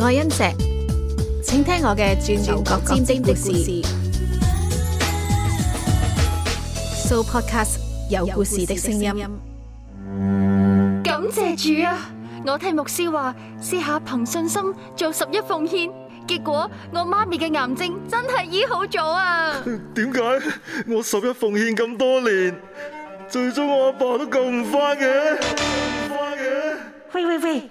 愛恩石，請聽我嘅轉轉角尖尖的故事。So podcast 有故事的聲音。感謝主啊！我聽牧師話，試下憑信心做十一奉獻，結果我媽咪嘅癌症真係醫好咗啊！點解我十一奉獻咁多年，最終我阿爸都救唔翻？嘅？喂喂喂！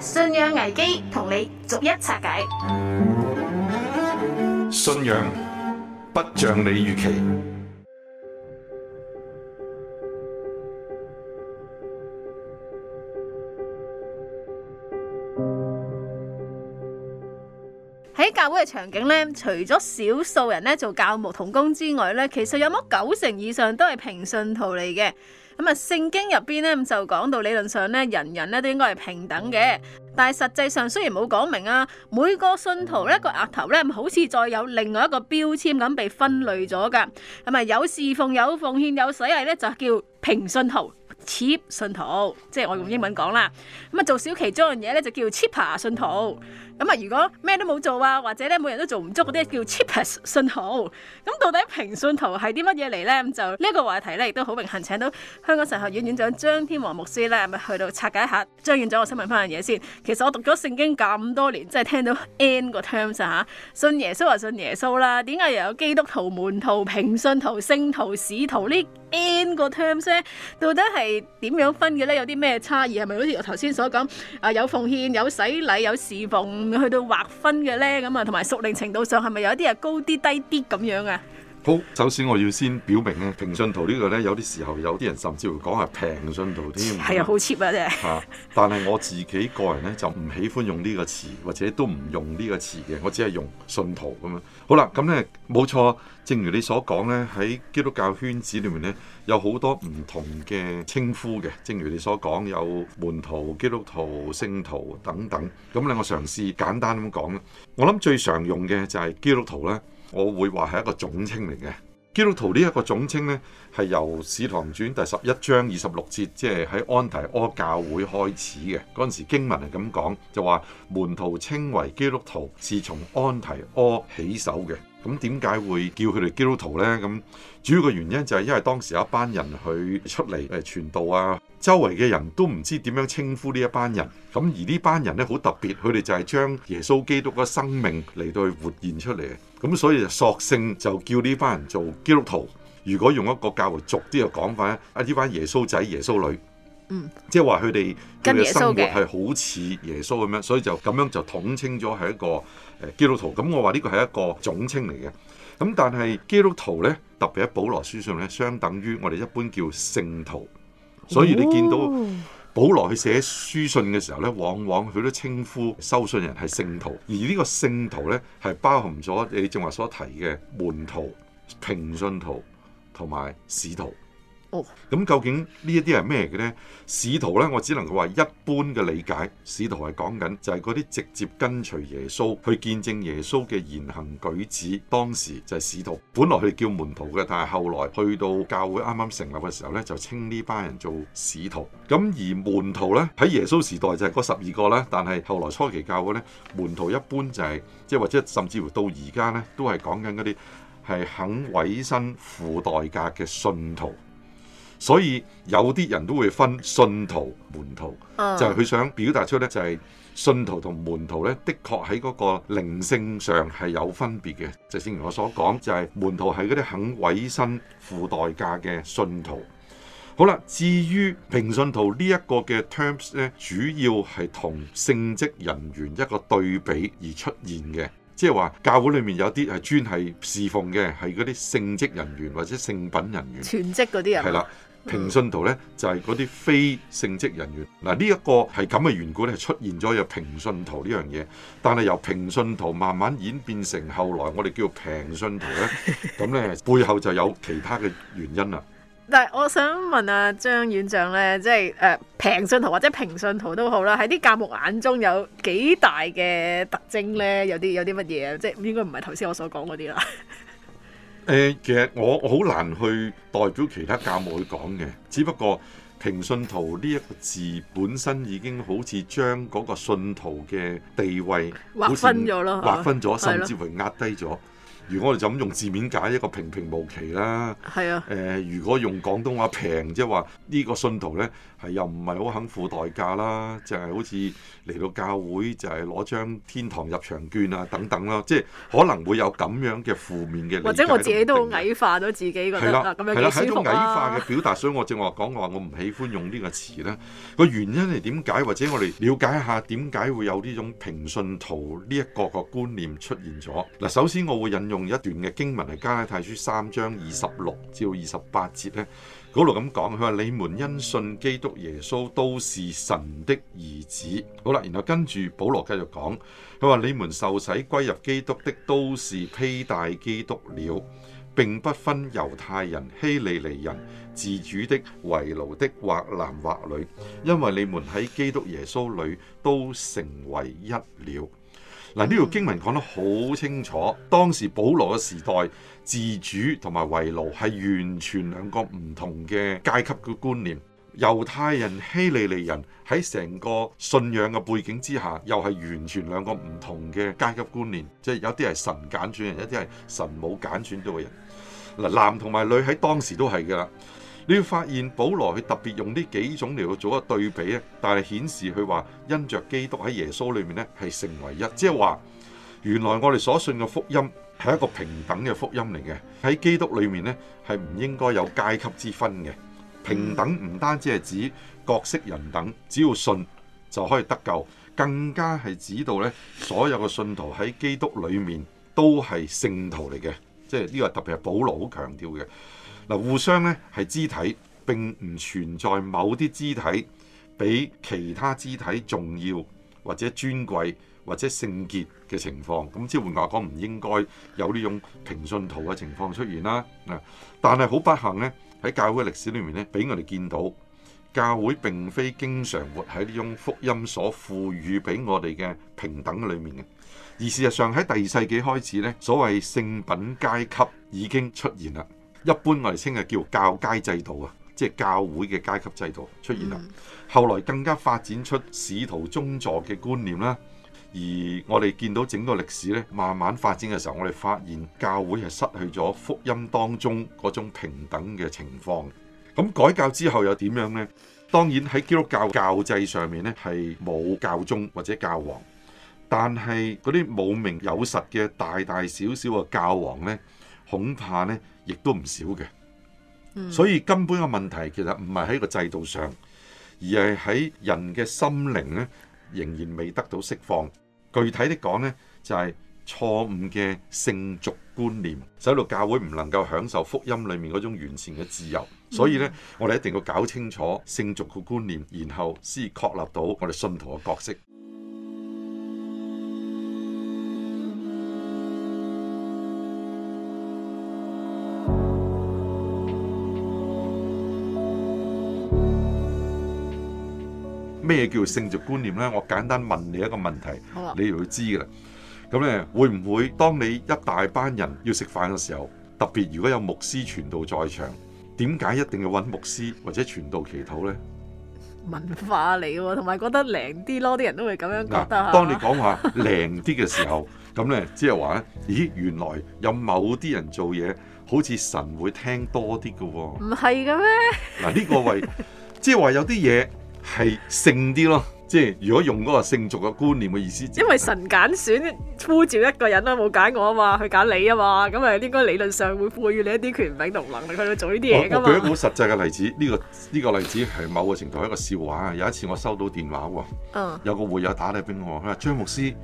信仰危機同你逐一拆解。信仰不像你預期。喺教會嘅場景咧，除咗少數人咧做教牧同工之外咧，其實有乜九成以上都係平信徒嚟嘅。咁啊，聖經入邊咧就講到理論上咧，人人咧都應該係平等嘅。但係實際上雖然冇講明啊，每個信徒咧個額頭咧，好似再有另外一個標籤咁被分類咗噶。咁啊，有侍奉、有奉獻、有死毅咧，就叫平信徒、cheap 信徒，即係我用英文講啦。咁啊，做少其中一樣嘢咧，就叫 cheaper 信徒。咁啊，如果咩都冇做啊，或者咧每人都做唔足嗰啲叫 cheapness 信徒，咁到底平信徒係啲乜嘢嚟呢？咁就呢個話題咧，亦都好榮幸請到香港神學院院長張天王牧師咧，咪去到拆解一下張院長，我想問翻樣嘢先。其實我讀咗聖經咁多年，真係聽到 n 個 terms 吓，信耶穌啊信耶穌啦、啊，點解又有基督徒門徒、平信徒、聖徒、使徒呢？n 個 terms 咧，到底係點樣分嘅呢？有啲咩差異係咪好似我頭先所講啊？有奉獻、有洗禮、有侍奉，去到劃分嘅呢？咁啊，同埋熟練程度上係咪有啲係高啲、低啲咁樣啊？好，首先我要先表明咧，平信徒呢個呢，有啲時候有啲人甚至乎講係平信徒添，係啊，好 cheap 啊，啫。但係我自己個人呢，就唔喜歡用呢個詞，或者都唔用呢個詞嘅，我只係用信徒咁樣。好啦，咁呢，冇錯，正如你所講呢，喺基督教圈子裏面呢，有好多唔同嘅稱呼嘅。正如你所講，有門徒、基督徒、聖徒等等。咁，你我嘗試簡單咁講。我諗最常用嘅就係基督徒啦。我會話係一個總稱嚟嘅，基督徒呢一個總稱呢，係由《使徒行傳》第十一章二十六節，即係喺安提阿教會開始嘅嗰陣時，經文係咁講，就話門徒稱為基督徒，係從安提阿起手嘅。咁點解會叫佢哋基督徒呢？咁主要嘅原因就係因為當時有一班人去出嚟誒傳道啊，周圍嘅人都唔知點樣稱呼呢一班人。咁而呢班人咧，好特別，佢哋就係將耶穌基督嘅生命嚟到去活現出嚟。咁、嗯、所以就索性就叫呢班人做基督徒。如果用一個較為俗啲嘅講法，啊呢班耶穌仔、耶穌女，嗯，即係話佢哋嘅生活係好似耶穌咁樣，所以就咁樣就統稱咗係一個誒基督徒。咁、嗯、我話呢個係一個總稱嚟嘅。咁、嗯、但係基督徒咧，特別喺保羅書上咧，相等於我哋一般叫聖徒。所以你見到。哦保羅去寫書信嘅時候呢，往往佢都稱呼收信人係聖徒，而呢個聖徒呢，係包含咗你正話所提嘅門徒、平信徒同埋使徒。咁、哦、究竟呢一啲係咩嘅咧？使徒呢，我只能夠話一般嘅理解，使徒係講緊就係嗰啲直接跟隨耶穌去見證耶穌嘅言行舉止，當時就係使徒。本來佢哋叫門徒嘅，但係後來去到教會啱啱成立嘅時候呢，就稱呢班人做使徒。咁而門徒呢，喺耶穌時代就係嗰十二個啦，但係後來初期教會呢，門徒一般就係、是、即係或者甚至乎到而家呢，都係講緊嗰啲係肯委身付代價嘅信徒，所以有啲人都會分信徒、門徒，就係佢想表達出咧，就係信徒同門徒咧，的確喺嗰個靈性上係有分別嘅。就正如我所講，就係門徒係嗰啲肯委身付代價嘅信徒。好啦，至於平信徒呢一個嘅 terms 咧，主要係同聖職人員一個對比而出現嘅，即係話教會裏面有啲係專係侍奉嘅，係嗰啲聖職人員或者聖品人員。全職嗰啲人啊？係啦。平信徒咧就係嗰啲非聖職人員嗱，呢一個係咁嘅緣故咧出現咗有平信徒呢樣嘢，但係由平信徒慢慢演變成後來我哋叫平信徒咧，咁咧背後就有其他嘅原因啦 。但係我想問阿張院長咧，即係誒平信徒或者平信徒都好啦，喺啲教務眼中有幾大嘅特徵咧？有啲有啲乜嘢？即係應該唔係頭先我所講嗰啲啦。誒、uh,，其實我好難去代表其他教牧去講嘅，只不過平信徒呢一個字本身已經好似將嗰個信徒嘅地位劃分咗咯，劃分咗、啊，甚至乎壓低咗。如果我哋就咁用字面解，一個平平無奇啦。係啊。誒、uh,，如果用廣東話平，即係話呢、這個信徒咧。係又唔係好肯付代價啦？就係、是、好似嚟到教會就係攞張天堂入場券啊等等啦，即、就、係、是、可能會有咁樣嘅負面嘅。或者我自己都矮化咗自己覺得啦，咁樣選、啊。啦，係啦，係種矮化嘅表達，所以我正話講我話我唔喜歡用呢個詞咧。個原因係點解？或者我哋了解一下點解會有呢種平信徒呢一個個觀念出現咗嗱？首先，我會引用一段嘅經文嚟，係加拉太書三章二十六至二十八節咧。嗰度咁講，佢話你們因信基督耶穌都是神的兒子。好啦，然後跟住保羅繼續講，佢話你們受洗歸入基督的都是披戴基督了，並不分猶太人、希利尼人、自主的、為奴的，或男或女，因為你們喺基督耶穌裏都成為一了。嗱，呢條經文講得好清楚，當時保羅嘅時代，自主同埋為奴係完全兩個唔同嘅階級嘅觀念。猶太人、希利尼人喺成個信仰嘅背景之下，又係完全兩個唔同嘅階級觀念，即係有啲係神揀選人，一啲係神冇揀選到嘅人。嗱，男同埋女喺當時都係㗎喇。你要發現，保羅佢特別用呢幾種嚟去做一個對比咧，但係顯示佢話因着基督喺耶穌裏面咧係成為一，即係話原來我哋所信嘅福音係一個平等嘅福音嚟嘅。喺基督裏面咧係唔應該有階級之分嘅。平等唔單止係指各色人等，只要信就可以得救，更加係指到咧所有嘅信徒喺基督裏面都係聖徒嚟嘅，即係呢個特別係保羅好強調嘅。互相咧係肢體，並唔存在某啲肢體比其他肢體重要，或者尊貴，或者聖潔嘅情況。咁即係換句話講，唔應該有呢種平信徒嘅情況出現啦。但係好不幸呢，喺教會歷史裏面咧，俾我哋見到教會並非經常活喺呢種福音所賦予俾我哋嘅平等裏面嘅，而事實上喺第二世紀開始呢，所謂聖品階級已經出現啦。一般我哋稱係叫教階制度啊，即、就、係、是、教會嘅階級制度出現啦、嗯。後來更加發展出使徒宗座嘅觀念啦。而我哋見到整個歷史咧，慢慢發展嘅時候，我哋發現教會係失去咗福音當中嗰種平等嘅情況。咁改教之後又點樣呢？當然喺基督教教制上面咧係冇教宗或者教皇，但係嗰啲冇名有實嘅大大小小嘅教皇呢，恐怕呢。亦都唔少嘅，所以根本嘅問題其實唔係喺個制度上，而係喺人嘅心靈咧仍然未得到釋放。具體的講呢，就係錯誤嘅聖俗觀念，使到教會唔能夠享受福音裏面嗰種完善嘅自由。所以呢，我哋一定要搞清楚聖俗嘅觀念，然後先確立到我哋信徒嘅角色。咩叫聖俗觀念咧，我簡單問你一個問題，好，你就知會知噶啦。咁咧會唔會當你一大班人要食飯嘅時候，特別如果有牧師傳道在場，點解一定要揾牧師或者傳道祈禱咧？文化嚟嘅喎，同埋覺得靚啲咯，啲人都會咁樣覺得。當你講話靚啲嘅時候，咁咧即係話，咦，原來有某啲人做嘢，好似神會聽多啲嘅，唔係嘅咩？嗱，呢個爲即係話有啲嘢。係聖啲咯，即係如果用嗰個聖俗嘅觀念嘅意思，因為神揀選呼召一個人啦，冇揀我啊嘛，佢揀你啊嘛，咁啊應該理論上會賦予你一啲權柄同能力去做呢啲嘢嘅嘛。我舉一個好實際嘅例子，呢個呢個例子係某個程度一個笑話。有一次我收到電話，有個會友打嚟俾我，佢話張牧師，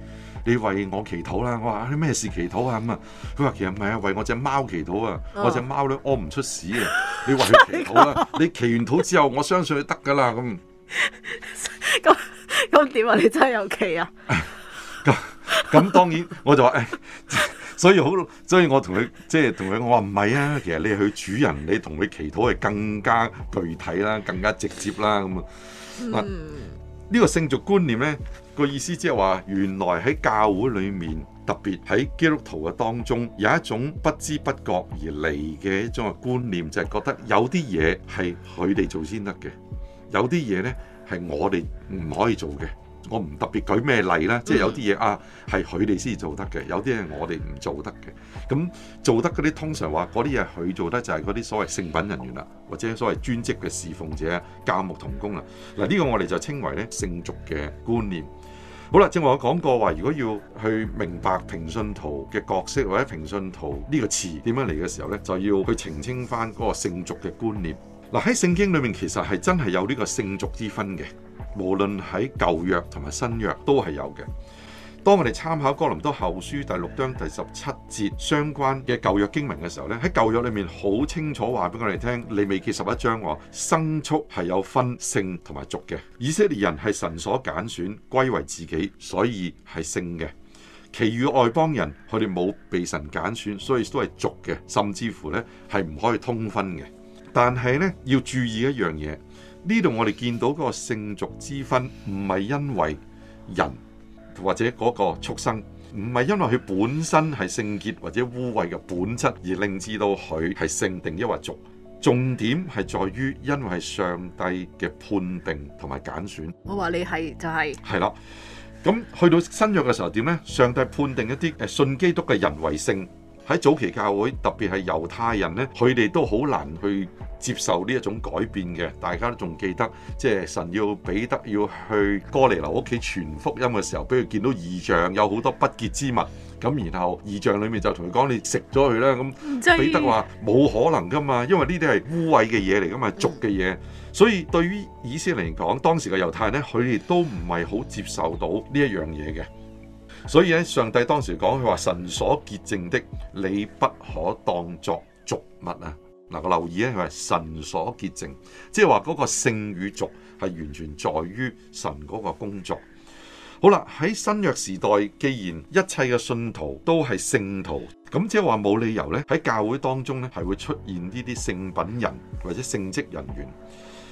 你為我祈禱啦。我話你咩事祈禱啊咁啊？佢話其實唔係啊，為我隻貓祈禱啊，我隻貓都屙唔出屎啊，你為佢祈禱啦， 你祈完禱之後，我相信佢得㗎啦咁。咁咁點啊？你真係有奇啊！咁、哎、咁當然，我就話誒、哎，所以好，所以我同佢即係同佢，就是、我話唔係啊。其實你係佢主人，你同佢祈禱係更加具體啦，更加直接啦。咁啊，呢、嗯這個聖俗觀念咧、那個意思，即係話原來喺教會裏面，特別喺基督徒嘅當中，有一種不知不覺而嚟嘅一種嘅觀念，就係、是、覺得有啲嘢係佢哋做先得嘅。有啲嘢呢係我哋唔可以做嘅，我唔特別舉咩例啦。即係有啲嘢啊，係佢哋先做得嘅，有啲係我哋唔做得嘅。咁做得嗰啲，通常話嗰啲嘢佢做得就係嗰啲所謂聖品人員啦，或者所謂專職嘅侍奉者、教牧同工啦。嗱，呢個我哋就稱為咧聖俗嘅觀念。好啦，正如我講過話，如果要去明白平信徒嘅角色或者平信徒呢個詞點樣嚟嘅時候呢，就要去澄清翻嗰個聖俗嘅觀念。嗱，喺聖經裏面，其實係真係有呢個聖俗之分嘅，無論喺舊約同埋新約都係有嘅。當我哋參考哥林多後書第六章第十七節相關嘅舊約經文嘅時候呢，喺舊約裏面好清楚話俾我哋聽，利未記十一章話生畜係有分聖同埋俗嘅。以色列人係神所揀選歸為自己，所以係聖嘅；其餘外邦人佢哋冇被神揀選，所以都係俗嘅，甚至乎呢係唔可以通婚嘅。但係咧，要注意一樣嘢。呢度我哋見到嗰個聖俗之分，唔係因為人或者嗰個畜生，唔係因為佢本身係聖潔或者污穢嘅本質而令至到佢係聖定抑或俗。重點係在於因為係上帝嘅判定同埋揀選，我話你係就係係啦。咁去到新約嘅時候點呢？上帝判定一啲誒信基督嘅人為聖。喺早期教會，特別係猶太人咧，佢哋都好難去接受呢一種改變嘅。大家都仲記得，即係神要彼得要去哥尼流屋企傳福音嘅時候，畀佢見到異象，有好多不潔之物，咁然後異象裡面就同佢講：你食咗佢啦。咁彼得話冇可能噶嘛，因為呢啲係污穢嘅嘢嚟噶嘛，俗嘅嘢。所以對於以色列嚟講，當時嘅猶太人咧，佢哋都唔係好接受到呢一樣嘢嘅。所以咧，上帝當時講佢話：神所潔淨的，你不可當作俗物啊！嗱，個留意咧，佢話神所潔淨，即係話嗰個聖與俗係完全在於神嗰個工作。好啦，喺新約時代，既然一切嘅信徒都係聖徒，咁即係話冇理由咧，喺教會當中咧，係會出現呢啲聖品人或者聖職人員。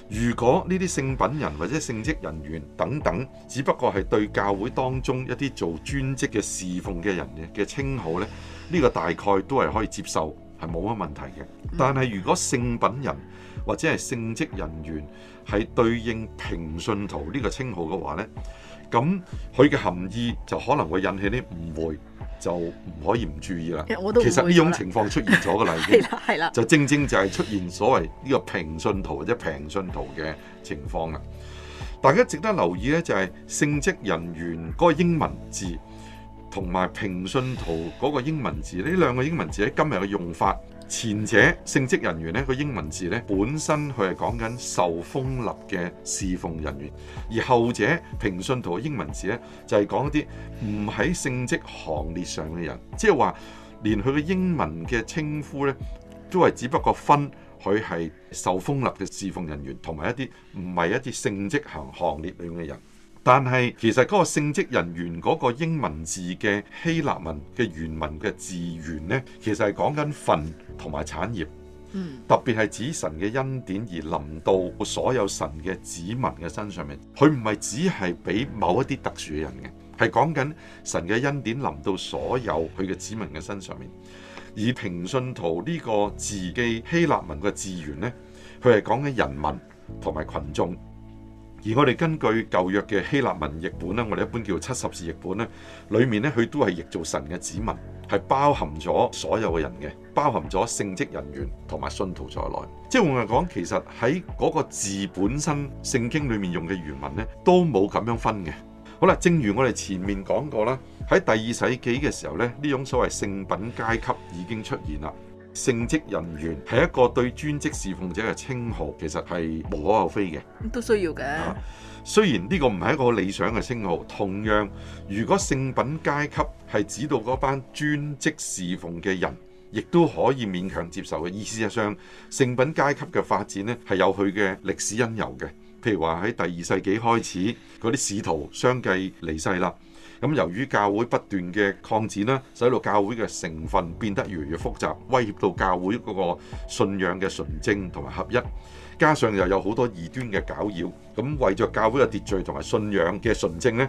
如果呢啲聖品人或者聖職人員等等，只不過係對教會當中一啲做專職嘅侍奉嘅人嘅嘅稱號呢，呢個大概都係可以接受，係冇乜問題嘅。但係如果聖品人或者係聖職人員係對應平信徒呢個稱號嘅話呢，咁佢嘅含義就可能會引起啲誤會。就唔可以唔注意啦。其實呢種情況出現咗嘅啦，已經係啦，就正正就係出現所謂呢個平信徒或者平信徒嘅情況啦。大家值得留意咧，就係聖職人員嗰個英文字，同埋平信徒嗰個英文字，呢兩個英文字喺今日嘅用法。前者聖職人員咧，個英文字咧，本身佢係講緊受封立嘅侍奉人員，而後者平信徒嘅英文字咧，就係講一啲唔喺聖職行列上嘅人，即係話連佢嘅英文嘅稱呼咧都係只不過分佢係受封立嘅侍奉人員，同埋一啲唔係一啲聖職行行列裏面嘅人。但係其實嗰個聖職人員嗰個英文字嘅希臘文嘅原文嘅字源呢，其實係講緊份同埋產業，特別係指神嘅恩典而臨到所有神嘅子民嘅身上面。佢唔係只係俾某一啲特殊嘅人嘅，係講緊神嘅恩典臨到所有佢嘅子民嘅身上面。而平信徒呢個字嘅希臘文嘅字源呢，佢係講緊人民同埋群眾。而我哋根據舊約嘅希臘文譯本咧，我哋一般叫七十字譯本咧，裡面咧佢都係譯做神嘅子民，係包含咗所有嘅人嘅，包含咗聖職人員同埋信徒在內。即係換句講，其實喺嗰個字本身，聖經裏面用嘅原文都冇咁樣分嘅。好啦，正如我哋前面講過啦，喺第二世紀嘅時候呢，呢種所謂聖品階級已經出現啦。聖職人員係一個對專職侍奉者嘅稱號，其實係無可厚非嘅，都需要嘅、啊。雖然呢個唔係一個理想嘅稱號，同樣如果聖品階級係指到嗰班專職侍奉嘅人，亦都可以勉強接受嘅。意思就係聖品階級嘅發展咧，係有佢嘅歷史因由嘅。譬如話喺第二世紀開始，嗰啲使徒相繼離世啦。咁由於教會不斷嘅擴展啦，使到教會嘅成分變得越嚟越複雜，威脅到教會嗰個信仰嘅純正同埋合一。加上又有好多異端嘅攪擾，咁為咗教會嘅秩序同埋信仰嘅純正呢，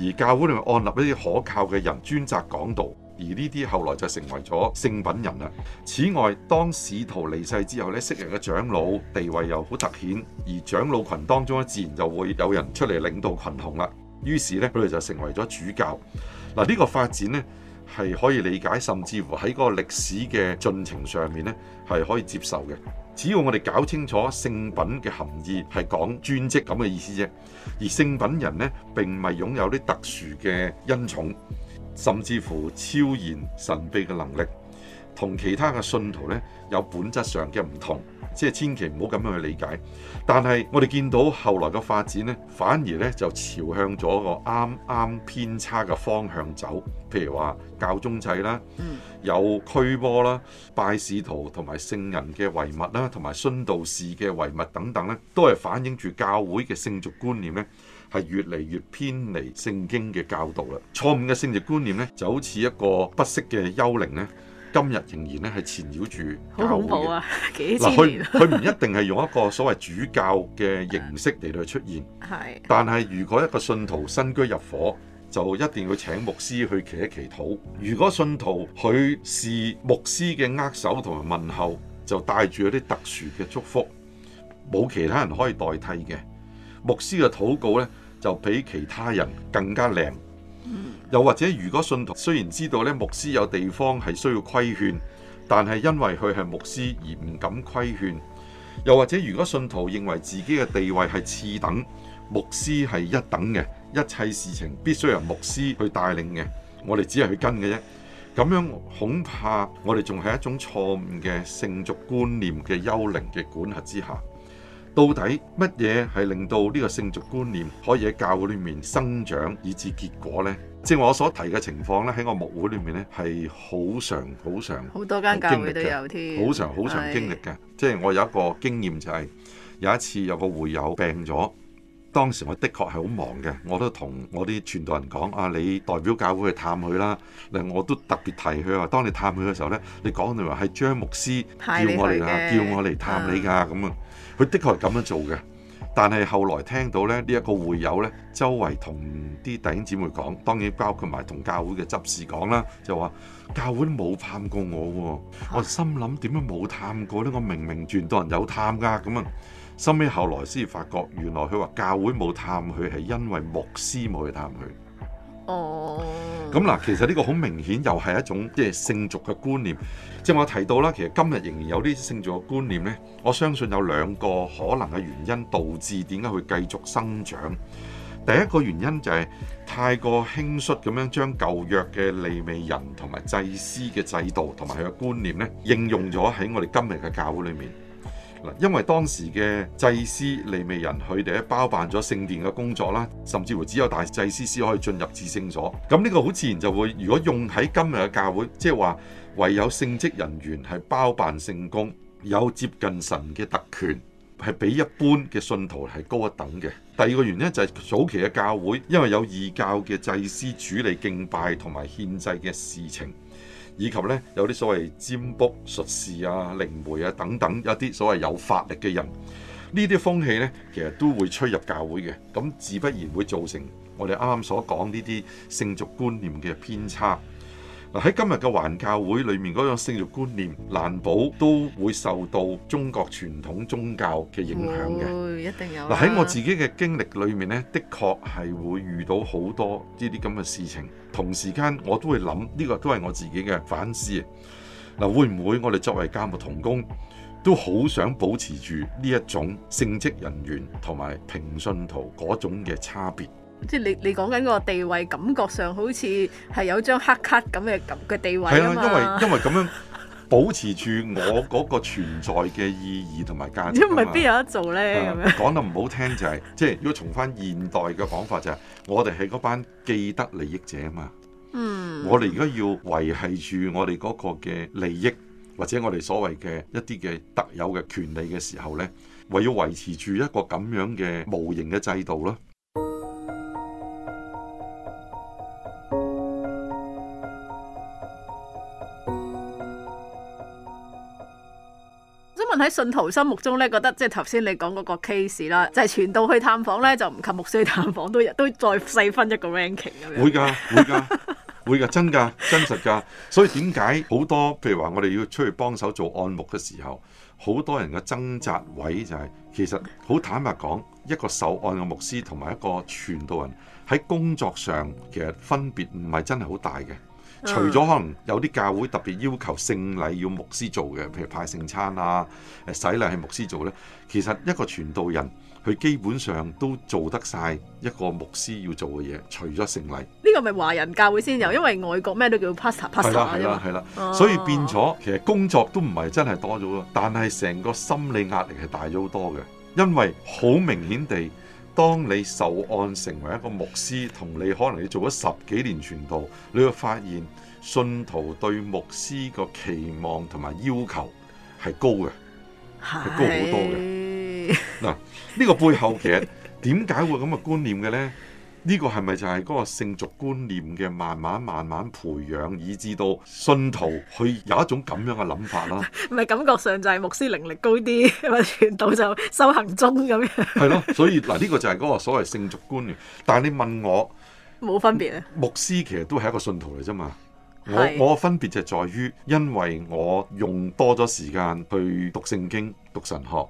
而教會裏面按立一啲可靠嘅人專責講道，而呢啲後來就成為咗聖品人啦。此外，當使徒離世之後咧，昔日嘅長老地位又好凸顯，而長老群當中咧，自然就會有人出嚟領導群雄啦。於是咧，佢哋就成為咗主教。嗱，呢個發展咧係可以理解，甚至乎喺個歷史嘅進程上面咧係可以接受嘅。只要我哋搞清楚聖品嘅含義係講專職噉嘅意思啫，而聖品人咧並唔係擁有啲特殊嘅恩寵，甚至乎超然神秘嘅能力，同其他嘅信徒咧有本質上嘅唔同。即係千祈唔好咁樣去理解，但係我哋見到後來嘅發展呢，反而呢就朝向咗個啱啱偏差嘅方向走。譬如話教宗制啦，有驅波啦、拜使徒同埋聖人嘅遺物啦，同埋殉道士嘅遺物等等呢，都係反映住教會嘅聖俗觀念呢，係越嚟越偏離聖經嘅教導啦。錯誤嘅聖俗觀念呢，就好似一個不息嘅幽靈呢。今日仍然咧係纏繞住舊嘅，嗱佢佢唔一定係用一個所謂主教嘅形式嚟到出現， 但係如果一個信徒新居入伙，就一定要請牧師去祈一祈禱。如果信徒佢是牧師嘅握手同埋問候，就帶住一啲特殊嘅祝福，冇其他人可以代替嘅。牧師嘅禱告咧，就比其他人更加靈。又或者，如果信徒雖然知道咧牧師有地方係需要規勸，但係因為佢係牧師而唔敢規勸；又或者，如果信徒認為自己嘅地位係次等，牧師係一等嘅，一切事情必須由牧師去帶領嘅，我哋只係去跟嘅啫。咁樣恐怕我哋仲係一種錯誤嘅聖俗觀念嘅幽靈嘅管轄之下。到底乜嘢係令到呢個聖俗觀念可以喺教會裏面生長，以至結果呢？即係我所提嘅情況咧，喺我牧會裏面咧係好常好常好多間教會都有添，好常好常經歷嘅。即係我有一個經驗就係、是，有一次有個會友病咗，當時我的確係好忙嘅，我都同我啲傳道人講：啊，你代表教會去探佢啦。嗱，我都特別提佢話，當你探佢嘅時候咧，你講你話係張牧師叫我嚟啊，叫我嚟探你㗎咁啊。佢的，的確係咁樣做嘅。但係後來聽到咧，呢一個會友咧，周圍同啲弟兄姊妹講，當然包括埋同教會嘅執事講啦，就話教會都冇探過我喎，我心諗點解冇探過咧？我明明見到人有探㗎，咁啊，心尾後來先發覺，原來佢話教會冇探佢，係因為牧師冇去探佢。哦，咁嗱，其實呢個好明顯又係一種即係聖族嘅觀念，即係我提到啦，其實今日仍然有啲聖族嘅觀念咧，我相信有兩個可能嘅原因導致點解會繼續生長。第一個原因就係、是、太過輕率咁樣將舊約嘅利未人同埋祭司嘅制度同埋佢嘅觀念咧，應用咗喺我哋今日嘅教會裏面。因為當時嘅祭司、利未人佢哋包辦咗聖殿嘅工作啦，甚至乎只有大祭司先可以進入至聖所。咁呢個好自然就會，如果用喺今日嘅教會，即係話唯有聖職人員係包辦聖工，有接近神嘅特權，係比一般嘅信徒係高一等嘅。第二個原因就係早期嘅教會，因為有異教嘅祭司處理敬拜同埋獻祭嘅事情。以及咧有啲所謂占卜術士啊、靈媒啊等等一啲所謂有法力嘅人，呢啲風氣咧其實都會吹入教會嘅，咁自不然會造成我哋啱啱所講呢啲聖俗觀念嘅偏差。喺今日嘅環教會裏面嗰種聖俗觀念難保都會受到中國傳統宗教嘅影響嘅，一定有。喺我自己嘅經歷裏面呢的確係會遇到好多呢啲咁嘅事情，同時間我都會諗，呢個都係我自己嘅反思啊！會唔會我哋作為教牧同工，都好想保持住呢一種聖職人員同埋平信徒嗰種嘅差別？即係你你講緊個地位，感覺上好似係有張黑卡咁嘅咁嘅地位啊嘛。係啊，因為因為咁樣保持住我嗰個存在嘅意義同埋價值啊嘛。即係唔係必有得做咧咁樣。講得唔好聽就係，即係如果從翻現代嘅講法就係，我哋係嗰班既得利益者啊嘛。嗯。我哋而家要維繫住我哋嗰個嘅利益或者我哋所謂嘅一啲嘅特有嘅權利嘅時候咧，為要維持住一個咁樣嘅無形嘅制度咯。喺信徒心目中咧，覺得即係頭先你講嗰個 case 啦，就係傳道去探訪咧，就唔及牧師去探訪都都再細分一個 ranking 咁樣。會㗎，會㗎， 會㗎，真㗎，真實㗎。所以點解好多譬如話，我哋要出去幫手做按牧嘅時候，好多人嘅掙扎位就係、是、其實好坦白講，一個受按嘅牧師同埋一個傳道人喺工作上其實分別唔係真係好大嘅。除咗可能有啲教會特別要求聖禮要牧師做嘅，譬如派聖餐啊、誒洗禮係牧師做咧，其實一個傳道人佢基本上都做得晒一個牧師要做嘅嘢，除咗聖禮。呢個咪華人教會先有，因為外國咩都叫 pastor，pastor，係啦係啦所以變咗、啊、其實工作都唔係真係多咗咯，但係成個心理壓力係大咗好多嘅，因為好明顯地。當你受案成為一個牧師，同你可能你做咗十幾年傳道，你會發現信徒對牧師個期望同埋要求係高嘅，係高好多嘅。嗱、啊，呢、呢個背後其實點解會咁嘅觀念嘅咧？呢、這個係咪就係嗰個性族聖俗觀念嘅慢慢慢慢培養，以至到信徒去有一種咁樣嘅諗法啦？唔係感覺上就係牧師能力高啲，或者傳道就修行中咁樣。係咯，所以嗱呢、這個就係嗰個所謂聖俗觀念。但係你問我，冇分別啊。牧師其實都係一個信徒嚟啫嘛。我我分別就在於，因為我用多咗時間去讀聖經、讀神學，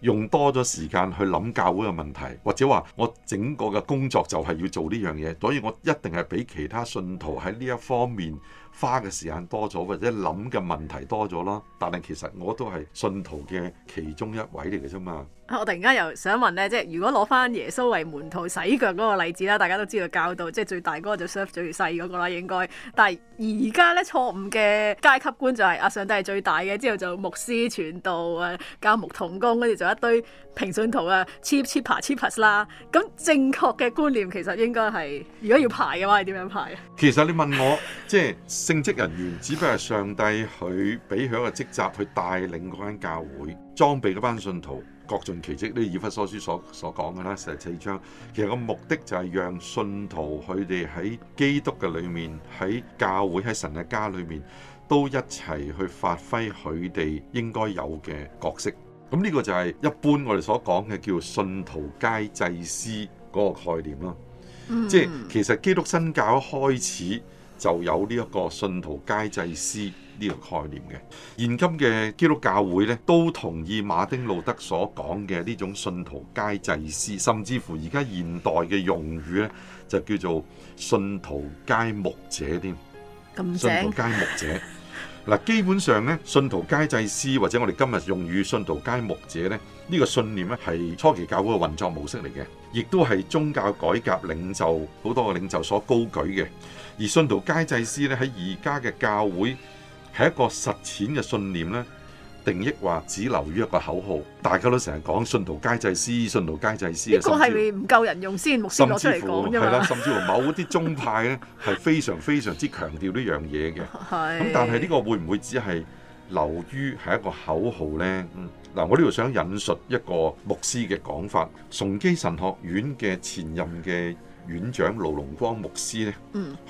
用多咗時間去諗教會嘅問題，或者話我整個嘅工作就係要做呢樣嘢，所以我一定係比其他信徒喺呢一方面花嘅時間多咗，或者諗嘅問題多咗囉。但係其實我都係信徒嘅其中一位嚟嘅啫嘛。我突然間又想問咧，即係如果攞翻耶穌為門徒洗腳嗰個例子啦，大家都知道教導即係最大嗰個就 serve 最細嗰個啦，應該。但係而家咧錯誤嘅階級觀就係、是、阿上帝係最大嘅，之後就牧師傳道啊、教牧同工，跟住就一堆平信徒啊 cheap cheap 爬 c h e a p e r 啦。咁正確嘅觀念其實應該係，如果要排嘅話係點樣排啊？其實你問我即係 聖職人員，只不過係上帝佢俾佢一個職責去帶領嗰間教會，裝備嗰班信徒。各盡其職，呢《以弗所書》所所所講嘅啦，成四章，其實個目的就係讓信徒佢哋喺基督嘅裏面，喺教會，喺神嘅家裏面，都一齊去發揮佢哋應該有嘅角色。咁呢個就係一般我哋所講嘅叫信徒皆祭司嗰個概念咯。Mm. 即係其實基督新教一開始。就有呢一個信徒皆祭司呢個概念嘅，現今嘅基督教會呢，都同意馬丁路德所講嘅呢種信徒皆祭司，甚至乎而家現代嘅用語呢，就叫做信徒皆牧者添。信徒皆牧者嗱，基本上呢，信徒皆祭司或者我哋今日用語信徒皆牧者呢，呢個信念呢，係初期教會嘅運作模式嚟嘅，亦都係宗教改革領袖好多個領袖所高舉嘅。而信徒皆祭司咧喺而家嘅教會係一個實踐嘅信念咧，定義話只留於一個口號，大家都成日講信徒皆祭司、信徒皆祭司嘅。呢個係咪唔夠人用先，牧師，攞出嚟講。甚至乎，係啦，甚至乎某啲宗派咧係非常非常之強調呢樣嘢嘅。係。咁但係呢個會唔會只係留於係一個口號咧？嗯，嗱，我呢度想引述一個牧師嘅講法，崇基神學院嘅前任嘅。院長盧龍光牧師咧，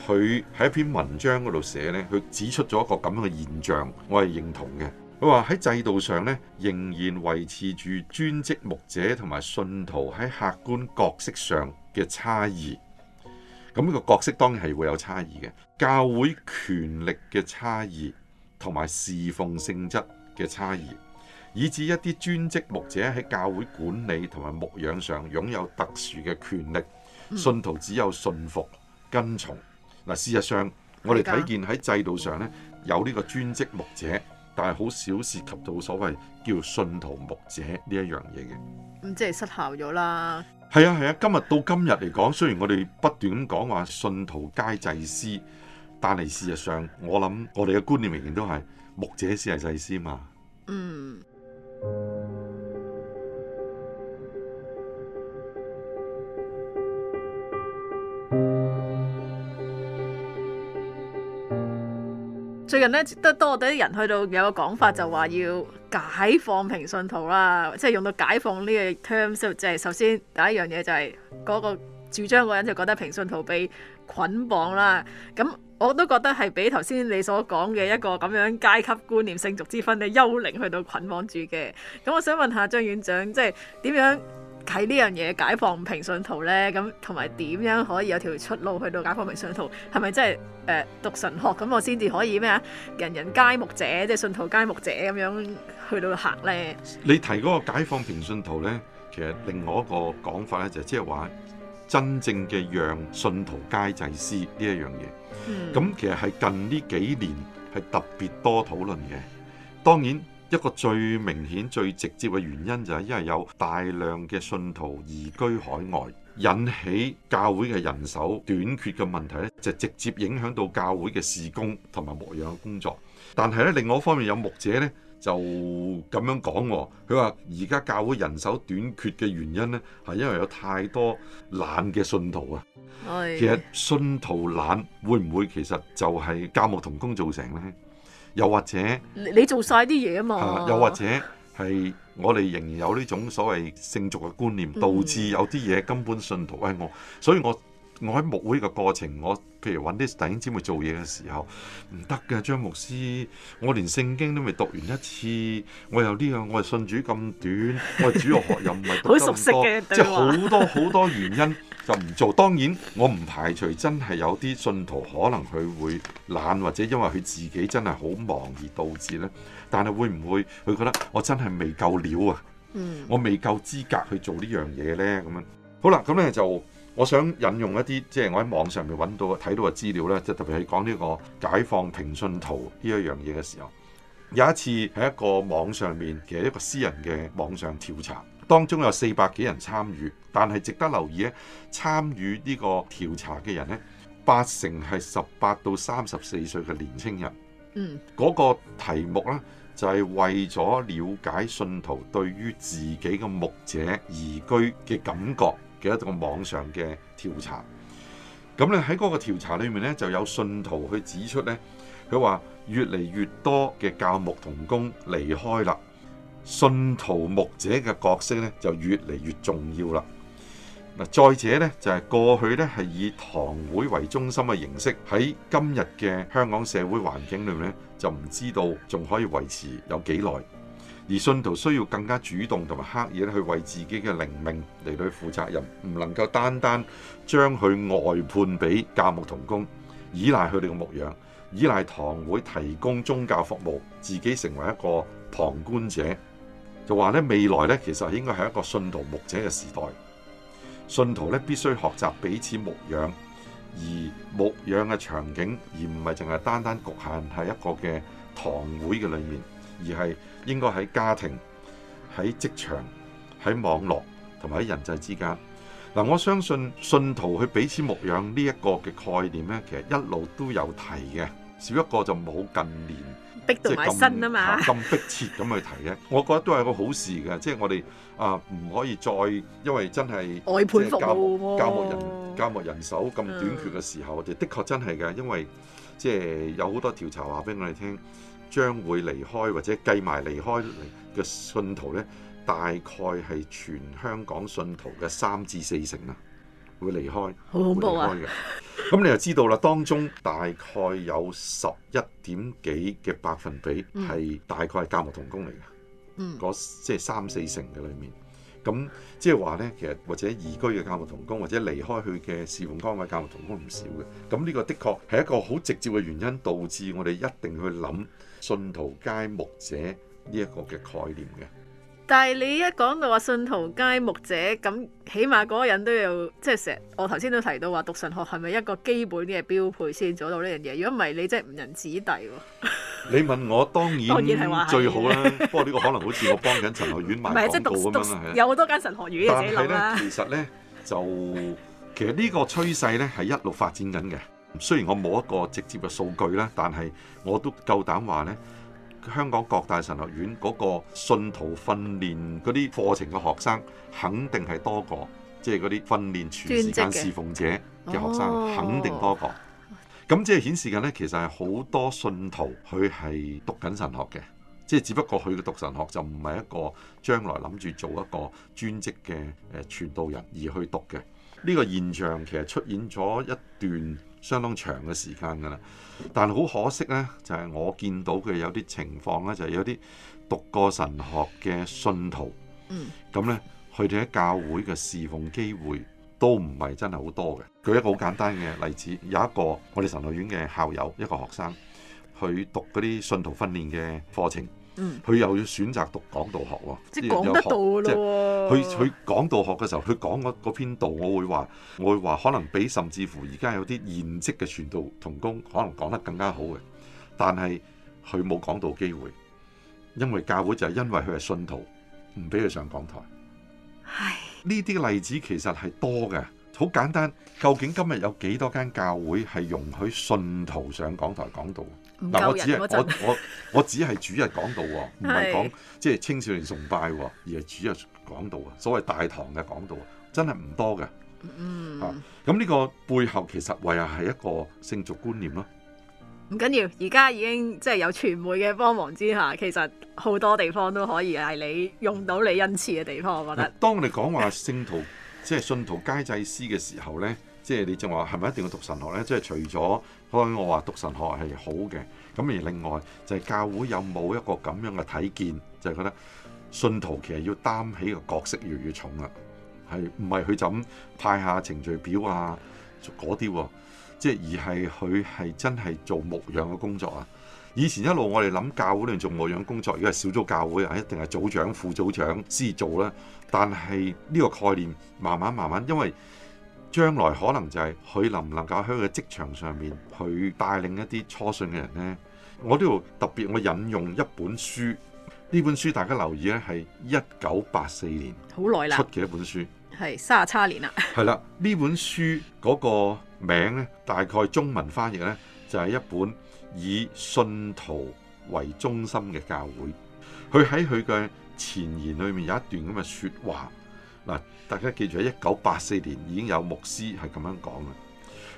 佢喺一篇文章嗰度寫咧，佢指出咗一個咁樣嘅現象，我係認同嘅。佢話喺制度上咧，仍然維持住專職牧者同埋信徒喺客觀角色上嘅差異。咁呢個角色當然係會有差異嘅，教會權力嘅差異同埋侍奉性質嘅差異，以至一啲專職牧者喺教會管理同埋牧養上擁有特殊嘅權力。信徒只有信服跟從。嗱，事實上我哋睇見喺制度上咧有呢個專職牧者，但係好少涉及到所謂叫信徒牧者呢一樣嘢嘅。咁、嗯、即係失效咗啦。係啊係啊，今日到今日嚟講，雖然我哋不斷咁講話信徒皆祭司，但係事實上我諗我哋嘅觀念仍然都係牧者先係祭司嘛。嗯。最近咧，得多哋啲人去到有個講法，就話要解放平信徒啦，即係用到解放呢個 term。即係首先第一樣嘢就係嗰個主張嗰人就覺得平信徒被捆綁啦。咁我都覺得係俾頭先你所講嘅一個咁樣階級觀念，聖俗之分嘅幽靈去到捆綁住嘅。咁我想問下張院長，即係點樣？睇呢樣嘢解放平信徒咧，咁同埋點樣可以有條出路去到解放平信徒？係咪真係誒讀神學咁我先至可以咩啊？人人皆牧者，即係信徒皆牧者咁樣去到行咧？你提嗰個解放平信徒咧，其實另外一個講法咧就即係話真正嘅讓信徒皆祭司呢一樣嘢，咁、嗯、其實係近呢幾年係特別多討論嘅。當然。一個最明顯、最直接嘅原因就係因為有大量嘅信徒移居海外，引起教會嘅人手短缺嘅問題咧，就直接影響到教會嘅事工同埋牧養嘅工作。但係咧，另外一方面有牧者咧就咁樣講喎，佢話而家教會人手短缺嘅原因咧係因為有太多懶嘅信徒啊。其實信徒懶會唔會其實就係教牧同工造成呢？又或者你做晒啲嘢啊嘛，又或者係我哋仍然有呢種所謂性族嘅觀念，導致有啲嘢根本信徒係我，所以我。我喺牧會嘅個過程，我譬如揾啲弟兄姊妹做嘢嘅時候，唔得㗎，張牧師，我連聖經都未讀完一次，我又呢樣，我係信主咁短，我係主要學任，唔係好熟悉嘅，即係好多好 多、多原因就唔做。當然我唔排除真係有啲信徒可能佢會懶，或者因為佢自己真係好忙而導致咧。但係會唔會佢覺得我真係未夠料啊？嗯，我未夠資格去做呢樣嘢咧？咁樣好啦，咁咧就。我想引用一啲即係我喺網上面揾到睇到嘅資料咧，即係特別係講呢個解放平信徒呢一樣嘢嘅時候，有一次喺一個網上面嘅一個私人嘅網上調查，當中有四百幾人參與，但係值得留意咧，參與呢個調查嘅人咧，八成係十八到三十四歲嘅年青人。嗯，嗰個題目咧就係為咗了解信徒對於自己嘅牧者移居嘅感覺。嘅一個網上嘅調查，咁咧喺嗰個調查裏面咧，就有信徒去指出咧，佢話越嚟越多嘅教牧同工離開啦，信徒牧者嘅角色咧就越嚟越重要啦。嗱，再者咧就係過去咧係以堂會為中心嘅形式，喺今日嘅香港社會環境裏面咧，就唔知道仲可以維持有幾耐。而信徒需要更加主動同埋刻意去為自己嘅靈命嚟去負責任，唔能夠單單將佢外判俾教牧同工，依賴佢哋嘅牧養，依賴堂會提供宗教服務，自己成為一個旁觀者。就話咧，未來咧其實應該係一個信徒牧者嘅時代，信徒咧必須學習彼此牧養，而牧養嘅場景而唔係淨係單單局限喺一個嘅堂會嘅裏面，而係，應該喺家庭、喺職場、喺網絡同埋喺人際之間。嗱、啊，我相信信徒去彼此牧養呢一個嘅概念咧，其實一路都有提嘅，少一個就冇近年逼到咁逼切咁去提嘅， 我覺得都係個好事嘅，即、就、係、是、我哋啊唔可以再因為真係外判、就是、教教牧人教牧人手咁短缺嘅時候，我、嗯、哋的確真係嘅，因為即係、就是、有好多調查話俾我哋聽。將會離開或者計埋離開嘅信徒呢，大概係全香港信徒嘅三至四成啦，會離開，好恐怖啊會離開！咁 你就知道啦，當中大概有十一點幾嘅百分比係、嗯、大概係教牧同工嚟嘅，嗰即係三四成嘅裏面，咁即係話呢，其實或者移居嘅教牧同工，或者離開佢嘅侍奉崗位教牧同工唔少嘅，咁呢個的確係一個好直接嘅原因，導致我哋一定去諗。信徒皆牧者呢一個嘅概念嘅，但係你一講到話信徒皆牧者，咁起碼嗰人都有即係成日，我頭先都提到話讀神學係咪一個基本嘅標配先做到呢樣嘢？如果唔係，你真係誤人子弟喎。你問我當然當然係話最好啦，不過呢個可能好似我幫緊神學院賣廣告咁樣係啊， 有好多間神學院嘅。 但係咧，其實咧就其實呢個趨勢咧係一路發展緊嘅。雖然我冇一個直接嘅數據啦，但係我都夠膽話呢，香港各大神學院嗰個信徒訓練嗰啲課程嘅學生，肯定係多過即係嗰啲訓練全時間侍奉者嘅學生，肯定多過。咁即係顯示緊呢，其實係好多信徒佢係讀緊神學嘅，即係只不過佢嘅讀神學就唔係一個將來諗住做一個專職嘅誒傳道人而去讀嘅。呢個現象其實出現咗一段相當長嘅時間㗎啦，但好可惜呢，就係我見到嘅有啲情況呢，就係有啲讀過神學嘅信徒，嗯，咁呢，佢哋喺教會嘅侍奉機會都唔係真係好多嘅。舉一個好簡單嘅例子，有一個我哋神學院嘅校友，一個學生，去讀嗰啲信徒訓練嘅課程。佢、嗯、又要選擇讀講道學喎，即係講得到咯。即係佢佢講道學嘅時候，佢講嗰篇道我，我會話，我會話，可能比甚至乎而家有啲現職嘅傳道同工可能講得更加好嘅，但係佢冇講道機會，因為教會就係因為佢係信徒，唔俾佢上講台。係呢啲例子其實係多嘅，好簡單。究竟今日有幾多間教會係容許信徒上講台講道？嗱，我只係我我我只係主日講道喎，唔係講即係青少年崇拜喎，而係主日講道啊。所謂大堂嘅講道啊，真係唔多嘅。嗯，咁、啊、呢個背後其實為係一個聖俗觀念咯。唔緊要，而家已經即係、就是、有傳媒嘅幫忙之下，其實好多地方都可以係你用到你恩賜嘅地方。我覺得，當你講話聖徒即係、就是、信徒皆祭司嘅時候咧。即係你仲話係咪一定要讀神學呢？即係除咗，當然我話讀神學係好嘅。咁而另外就係教會有冇一個咁樣嘅睇見，就係覺得信徒其實要擔起個角色越嚟越重啦。係唔係佢就咁派下程序表啊嗰啲？即係而係佢係真係做牧養嘅工作啊！以前一路我哋諗教會度做牧養工作，如果係小組教會啊，一定係組長、副組長、司組啦。但係呢個概念慢慢慢慢，因為將來可能就係佢能唔能夠喺佢嘅職場上面，去帶領一啲初信嘅人呢？我都要特別，我引用一本書，呢本書大家留意咧，係一九八四年出嘅一本書，好耐啦，係三十叉年啦。係啦，呢本書嗰個名咧，大概中文翻譯咧，就係一本以信徒為中心嘅教會。佢喺佢嘅前言裏面有一段咁嘅説話。嗱，大家記住喺一九八四年已經有牧師係咁樣講啦。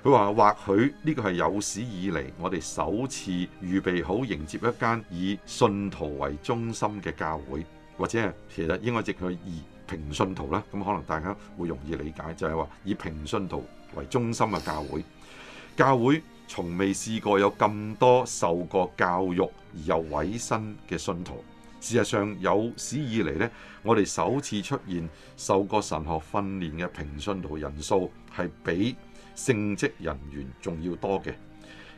佢話：或許呢個係有史以嚟我哋首次預備好迎接一間以信徒為中心嘅教會，或者係其實應該直去以平信徒啦。咁可能大家會容易理解，就係話以平信徒為中心嘅教會。教會從未試過有咁多受過教育而又委身嘅信徒。事實上，有史以嚟呢我哋首次出現受過神學訓練嘅平信徒人數係比聖職人員仲要多嘅。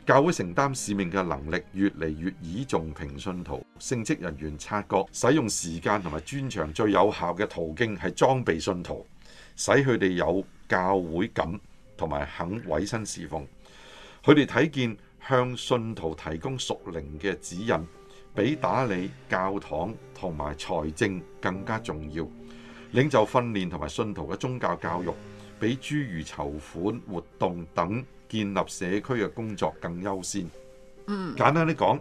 教會承擔使命嘅能力越嚟越倚重平信徒，聖職人員察覺使用時間同埋專長最有效嘅途徑係裝備信徒，使佢哋有教會感同埋肯委身侍奉。佢哋睇見向信徒提供屬靈嘅指引，比打理教堂同埋財政更加重要，領袖訓練同埋信徒嘅宗教教育，比諸如籌款活動等建立社區嘅工作更優先。嗯，簡單啲講，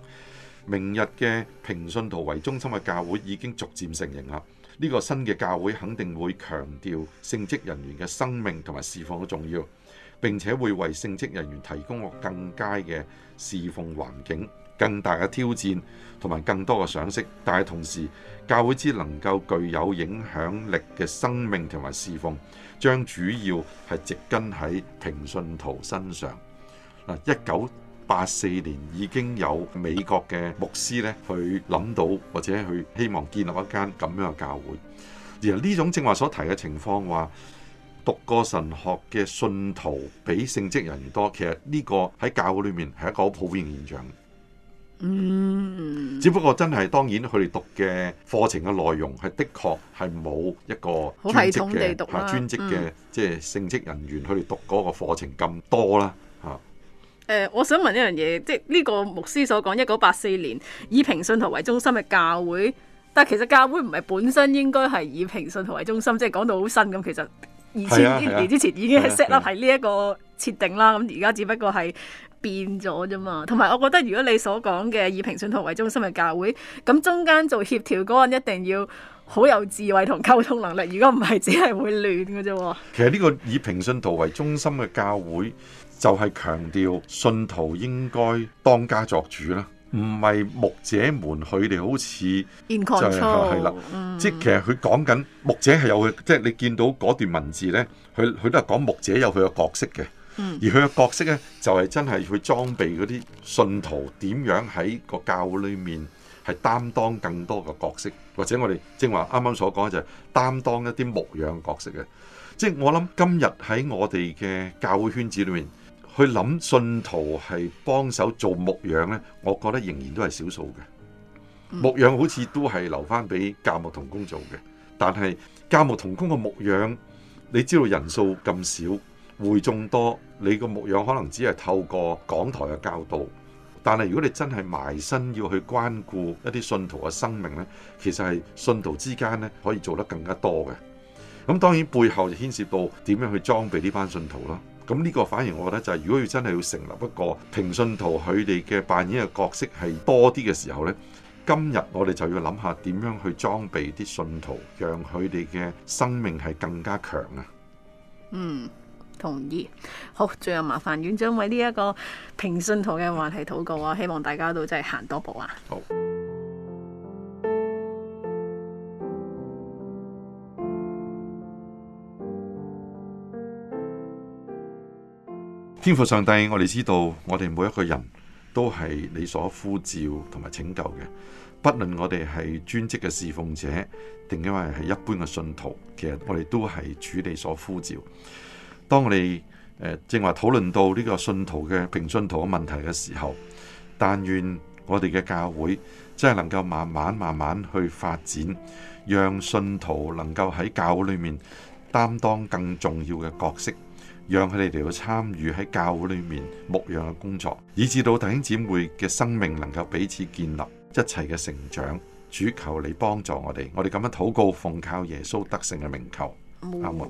明日嘅平信徒為中心嘅教會已經逐漸成型啦。呢個新嘅教會肯定會強調聖職人員嘅生命同埋侍奉嘅重要，並且會為聖職人員提供個更佳嘅侍奉環境，更大嘅挑戰同埋更多嘅賞識，但係同時，教會之能夠具有影響力嘅生命同埋侍奉，將主要係植根喺平信徒身上。一九八四年已經有美國嘅牧師咧，去諗到或者去希望建立一間咁樣嘅教會。而呢種正話所提嘅情況，話讀過神學嘅信徒比聖職人員多，其實呢個喺教會裏面係一個好普遍嘅現象。嗯，嗯，只不過真係，當然佢哋讀嘅課程嘅內容係的確係冇一個專職系統地讀吓專職嘅即係聖職人員佢哋讀嗰個課程咁多啦，吓。誒、呃，我想問一樣嘢，即係呢個牧師所講一九八四年以平信徒為中心嘅教會，但係其實教會唔係本身應該係以平信徒為中心，即係講到好新咁，其實二千幾、啊、年之前已經 set up 喺呢一個設定啦，咁而家只不過係。變咗啫嘛，同埋我覺得如果你所講嘅以平信徒為中心嘅教會，咁中間做協調嗰個一定要好有智慧同溝通能力，如果唔係，只係會亂嘅啫。其實呢個以平信徒為中心嘅教會，就係強調信徒應該當家作主啦，唔係牧者們佢哋好似就係係啦，即係其實佢講緊牧者係有佢，即係你見到嗰段文字呢，佢佢都係講牧者有佢嘅角色嘅。而佢嘅角色呢，就係真係去裝備嗰啲信徒點樣喺個教會裏面係擔當更多嘅角色，或者我哋正話啱啱所講就係擔當一啲牧養角色嘅。即係我諗今日喺我哋嘅教會圈子裏面去諗信徒係幫手做牧養呢，我覺得仍然都係少數嘅。牧養好似都係留翻俾教牧同工做嘅，但係教牧同工嘅牧養，你知道人數咁少。會眾多，你個牧養可能只係透過港台嘅教導，但係如果你真係埋身要去關顧一啲信徒嘅生命呢，其實係信徒之間呢可以做得更加多嘅。咁當然背後就牽涉到點樣去裝備呢班信徒咯。咁呢個反而我覺得就係，如果要真係要成立一個平信徒佢哋嘅扮演嘅角色係多啲嘅時候呢，今日我哋就要諗下點樣去裝備啲信徒，讓佢哋嘅生命係更加強啊。嗯。同意，好，最後麻煩院長為呢一個平信徒嘅話題禱告啊！希望大家都真係行多步啊！好，天父上帝，我哋知道，我哋每一個人都係你所呼召同埋拯救嘅，不論我哋係專職嘅侍奉者，定因為係一般嘅信徒，其實我哋都係主你所呼召。當我哋誒正話討論到呢個信徒嘅平信徒嘅問題嘅時候，但願我哋嘅教會真係能夠慢慢慢慢去發展，讓信徒能夠喺教會裏面擔當更重要嘅角色，讓佢哋嚟到參與喺教會裏面牧養嘅工作，以致到弟兄姊妹嘅生命能夠彼此建立，一齊嘅成長。主求你幫助我哋，我哋咁樣禱告，奉靠耶穌得勝嘅名求阿門。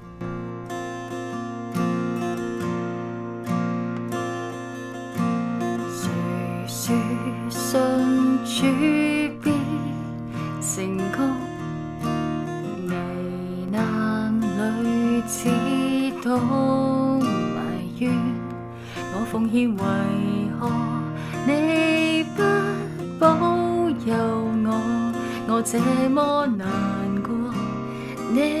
主必成功，危難裏只懂埋怨。我奉獻為何？你不保佑我？我這麼難過。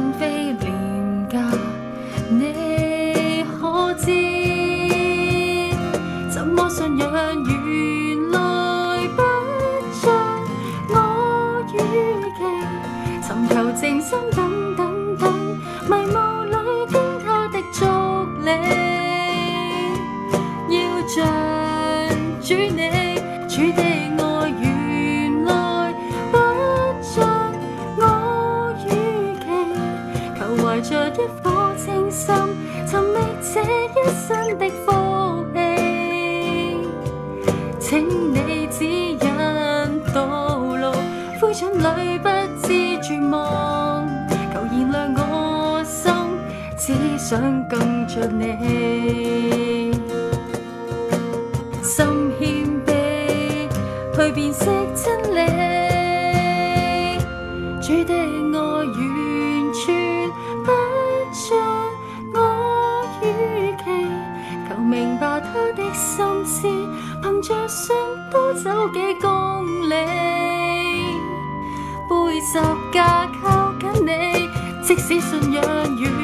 若想多走幾公里，背十架靠近你，即使信仰遠。